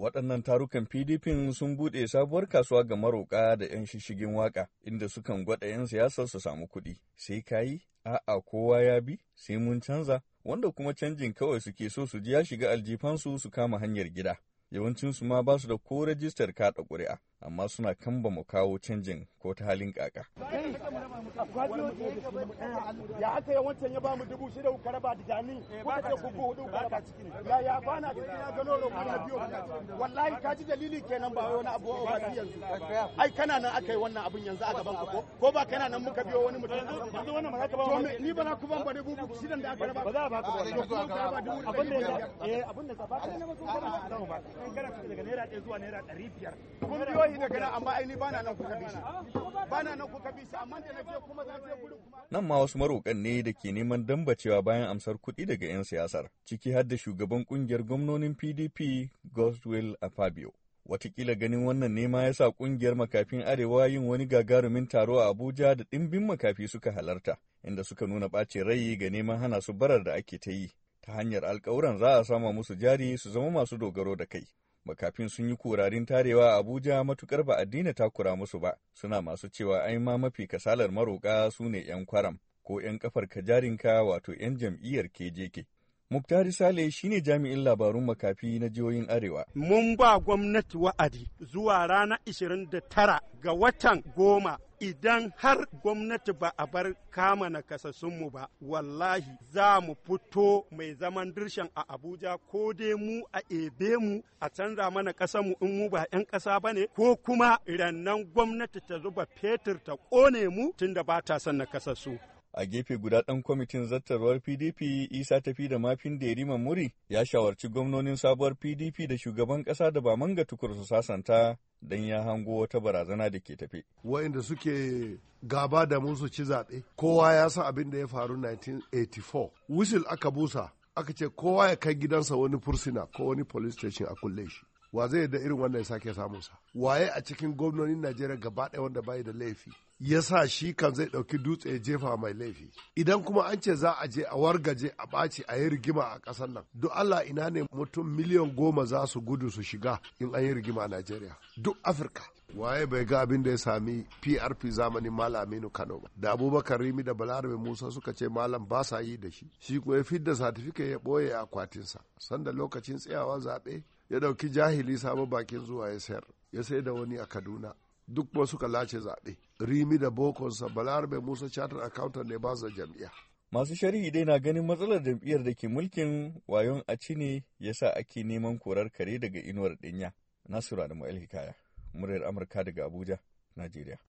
waɗannan tarukan pdp sun buɗe sabuwar kasuwa ga maroƙa da 'yan shishigin waka inda sukan gwada 'yan siyasar su samu kuɗi sai kayi a'a kowa ya bi sai mun canza wanda kuma canjin kawai suke so su ji ya shiga aljifansu su kama hanyar gida yawancinsu ma ba su da ko rajistar kaɗa ƙuri'a amma suna kan ba mu kawo canjin ko ta halin kaka. Ya aka yi wancan ya ba mu dubu shida kenan Ai kana ko ba kana daga naira zuwa naira ɗari Kun nan ma wasu marokan ne da ke neman dambacewa bayan amsar kuɗi daga 'yan siyasar ciki har da shugaban ƙungiyar gwamnonin PDP Godwill Afabio Watakila ganin wannan nema ya sa kungiyar makafin Arewa yin wani gagarumin taro a Abuja da ɗimbin makafi suka halarta, inda suka nuna ɓace rai ga neman hana su barar da ake ta yi. Ta hanyar alkawuran za a sama musu jari su zama masu dogaro da kai. makafin sun yi kurarin tarewa a Abuja matukar ba addini takura musu ba, suna masu cewa ai ma mafi kasalar maroƙa su ne ‘yan kwaram ko ‘yan kafar kajarinka wato ‘yan jam'iyyar KJK. Muktari Sale shine jami'in labarun makafi na jihohin Arewa. Mun ba gwamnati wa'adi zuwa rana 29 ga watan goma idan har gwamnati ba a bar kama na nakasassunmu ba wallahi za mu fito mai zaman dirshan a abuja ko dai mu a ebe mu a canza mana mu in mu ba 'yan ƙasa ba ne ko kuma rannan gwamnati ta zuba fetur ta ƙone mu tunda ba ta son nakasassu a gefe guda ɗan kwamitin zattarwar pdp isa tafi da mafin derima muri ya shawarci gwamnonin sabuwar pdp da shugaban ƙasa da ba manga tukur su sasanta don ya hango wata barazana da ke tafe. Wa'inda suke gaba da musu ci zaɓe kowa ya san abin da ya faru 1984 whistle aka busa aka ce kowa ya kai gidansa wani fursuna ko wani police station a kulle shi wa zai da irin wannan ya sake samun sa waye a cikin gwamnonin najeriya gaba ɗaya wanda bai da laifi ya sa shi kan zai ɗauki dutse ya jefa mai laifi idan kuma an ce za a je a wargaje a ɓaci a yi rigima a ƙasar nan duk allah ina ne mutum miliyan goma za su gudu su shiga in an yi rigima a najeriya duk afirka waye bai ga abin da ya sami prp zamanin malam aminu kano ba da abubakar rimi da balarabe musa suka ce malam ba sa yi da shi shi kuma ya fidda satifika ya ɓoye a sa. sanda lokacin tsayawa zaɓe ya dauki jahili sabon bakin zuwa ya sayar ya sai da wani a kaduna duk ba suka lace zaɓe rimi da bokonsa bai musa chartered accountant ne ba jam'iya masu sharhi dai na ganin matsalar jam'iyyar da ke mulkin wayon a ci ne yasa ake neman korar kare daga inuwar dinya nasiru adamu el hikaya muryar amurka daga abuja najeriya